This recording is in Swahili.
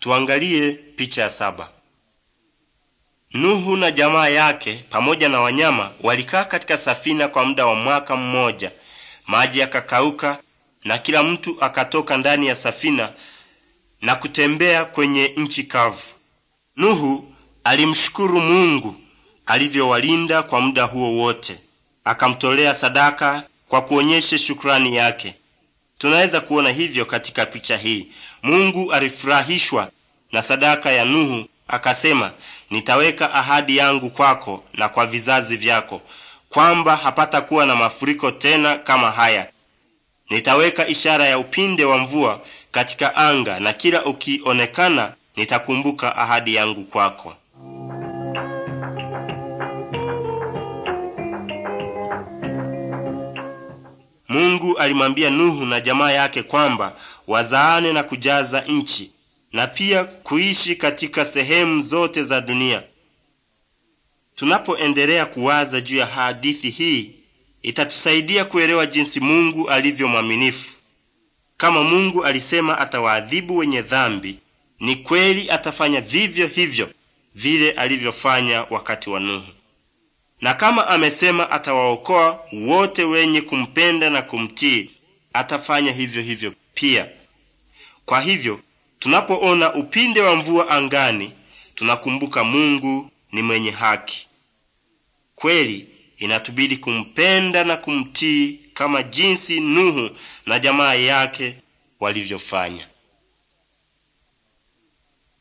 Tuangalie picha ya saba. Nuhu na jamaa yake pamoja na wanyama walikaa katika safina kwa muda wa mwaka mmoja. Maji yakakauka na kila mtu akatoka ndani ya safina na kutembea kwenye nchi kavu. Nuhu alimshukuru Mungu alivyowalinda kwa muda huo wote. Akamtolea sadaka kwa kuonyesha shukrani yake. Tunaweza kuona hivyo katika picha hii. Mungu alifurahishwa na sadaka ya Nuhu, akasema, nitaweka ahadi yangu kwako na kwa vizazi vyako kwamba hapatakuwa na mafuriko tena kama haya. Nitaweka ishara ya upinde wa mvua katika anga, na kila ukionekana nitakumbuka ahadi yangu kwako. Mungu alimwambia Nuhu na jamaa yake kwamba wazaane na kujaza nchi na pia kuishi katika sehemu zote za dunia. Tunapoendelea kuwaza juu ya hadithi hii, itatusaidia kuelewa jinsi Mungu alivyo mwaminifu. Kama Mungu alisema atawaadhibu wenye dhambi, ni kweli atafanya vivyo hivyo vile alivyofanya wakati wa Nuhu. Na kama amesema atawaokoa wote wenye kumpenda na kumtii, atafanya hivyo hivyo pia. Kwa hivyo tunapoona upinde wa mvua angani, tunakumbuka Mungu ni mwenye haki. Kweli inatubidi kumpenda na kumtii kama jinsi Nuhu na jamaa yake walivyofanya.